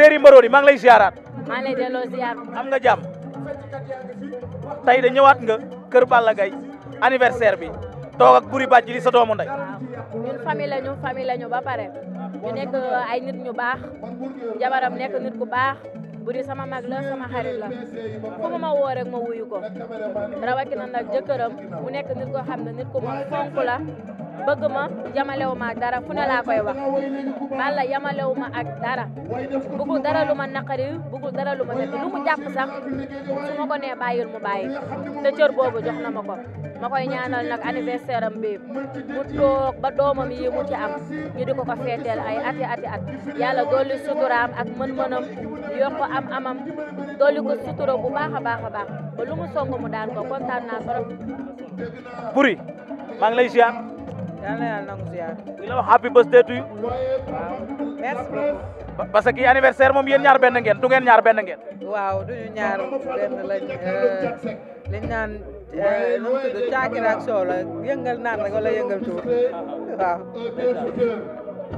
séeri mbaroodi maa ngi lay ziaraat. maa ngi lay delloo ziar. am nga jàmm tey de ñëwaat nga kër Balla Gaye anniversaire bi toog ak buri bàjj sa doomu ndey. waaw ñun famille lañu famille lañu ba pare ñu nekk euh, ay nit ñu baax jabaram nekk nit ku baax. buri sama mag la sama xarit la fu mu ma woo rek ma wuyu ko rawatina nag jëkkëram mu nekk nit koo xam ne nit ku ma fonk la bëgg ma yamalewu ma ak dara fu ne laa koy wax Balla yamalewu ma ak dara bëggul dara lu ma naqari bëggul dara lu ma def lu mu jàpp sax su ma ko nee mu bàyyi te cër boobu jox na ma ko ma koy ñaanal nag anniversaire mu toog ba doomam yi mu ci am ñu di ko ko feeteel ay ati ati at yàlla dolli suturaam ak mën-mënam am amam dolli ko sutura bu baax a baax a mu song mu daan ko kontaan naa trop. Boury maa ngi yàlla yàlla nangu ziar. di la happy birthday to you. waaw parce que anniversaire moom yéen ñaar benn ngeen du ngeen ñaar benn ngeen. waaw du ñu ñaar benn lañ euh, liñ naan euh, nu mu tudd caakiri ak soow la yëngal tuur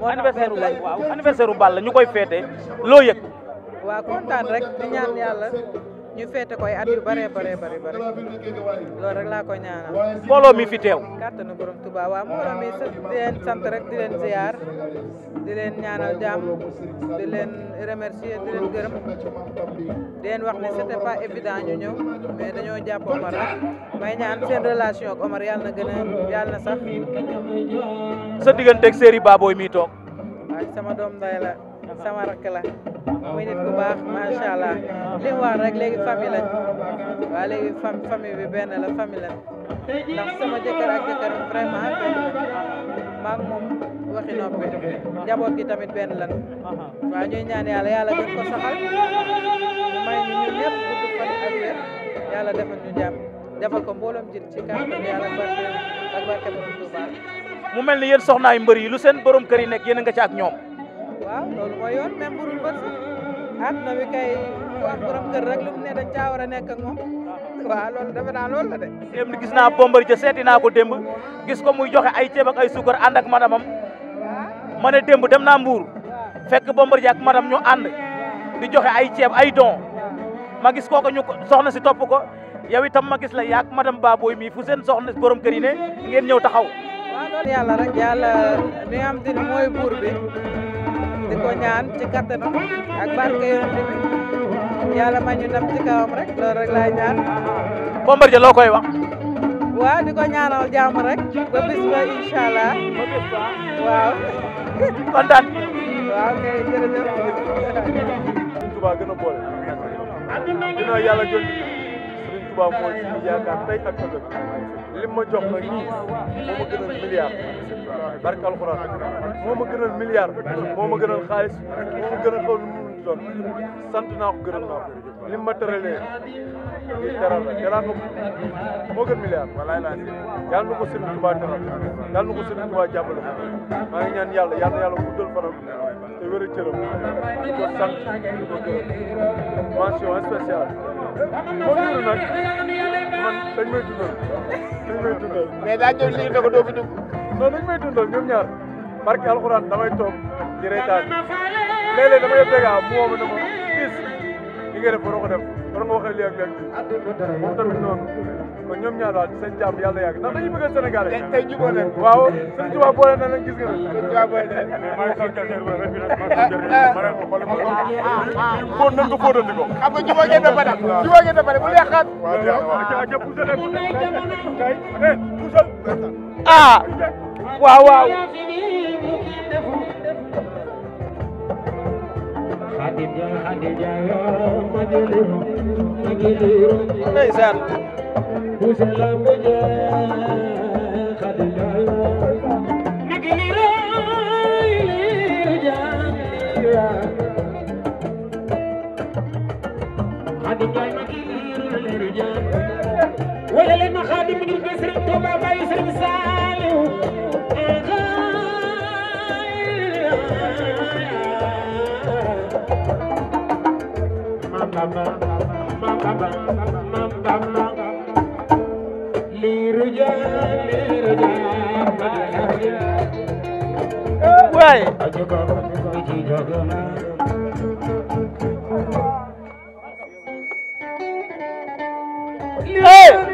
moo anniversaire ru waaw anniversaire ñu koy féete loo yëg. waaw kontaan rek di ñaan yàlla. ñu féete koy at yu bëree bëree bëri bëri rek laa ko ñaanal. mbooloo mi fi teew. kàttanu borom Tuubaa waaw mbooloo mi di leen sant rek di leen ziar di leen ñaanal jàmm di leen remercier di leen gërëm wax ne c'était pas évident ñu ñëw mais dañoo jàpp Omar rek may ñaan seen relation ak Omar yàlla na gën a yàlla na sax. sa digganteeg Séeri Baboy mi toog. waaw sama doom nday la. sama rakk la muy nit baax macha allah li mu rek léegi famille lañ waaw léegi famille bi benn la famille lañ ndax sama jëkkër jëkkër vraiment benn moom waxi noppi njaboot gi tamit benn lan waaw ñuy ñaan yàlla yàlla def ko saxal may ñu ñun ñëpp gudd fan ak wér yàlla defal ñu jàmm defal ko mbooloom jël ci kàttan yàlla barke ak barke bu mu mel ni yéen soxnaay mbër yi lu seen borom kër yi nekk yéen a nga ci ak ñoom waaw loolu mooy yoon même burul bët sax àdduna ah, bi kay ku am borom kër rek lu mu ne dañ caa war a nekk ak moom waaw loolu defe naa loolu la de gis naa Bombardier seeti naa ko démb gis ko muy joxe ay ceeb ak ay suukar ànd ak madamam ma ne démb dem naa Mbuur fekk Bombardier ak madam ñu ànd di joxe ay ceeb ay don magis gis kooku ñu soxna si topp ko yow itam ma gis la yaak madame Baboy mii fu seen soxna si borom kër yi ne ngeen ñëw taxaw mooy buur bi di ko ñaan ci kattanam ak barke yonent bi ma ñu ndam ci kawam rek loolu rek laay ñaan. Bombardier loo koy wax. waaw di ko ñaanal jàmm rek ba bis ba incha allah waaw. kontaan. waaw kay jërëjëf. Serigne Touba gën a boole. dina yàlla gën Serigne Touba tey ak ëllëg. li ma jox nag nii moo ma gënal milliard barke alxuraan moo ma gënal milliard moo ma gënal xaalis moo ma gënal xaw nu doon sant naa ko gërëm naa ko li ma tëralee di teral la teral ko moo gën milliard walaay laa yàlla na ko sëriñ Tuubaa teral yàlla na ko sëriñ Tuubaa jàppale maa ngi ñaan yàlla yàlla yàlla guddal fanam te wér a cëram di ko sant di ko man dañ may dundal dañ may dundal. mais daa jël lii ne ko doo fi dugg. non dañ may dundal ñoom ñaar barke alxuraan damay toog di reetaan léeg-léeg dama yëpp dégg mu woo ma ne ma fii li ko def. war nga waxee lii ak léegi moom tamit noonu kon ñoom ñaar daal seen jàmm yàlla yàgg ndax dañuy bëgg Sénégal yi. tey jubóo leen waaw sëñ Tuubaa boole na leen gis nga ne. sëñ Tuubaa boole na leen. mais maa ngi soog kese bi rek fii nag maa ngi soog kese bi ma ne ko xoolal ma ko. fóot nañ ko fóotandi ko. xam nga jubóo ngeen dafa def. waaw jubóo ngeen dafa def bu yàqaat. waaw waaw waaw jë puusal leen. kay eh puusal. ah waaw waaw. ndeysaan waay lii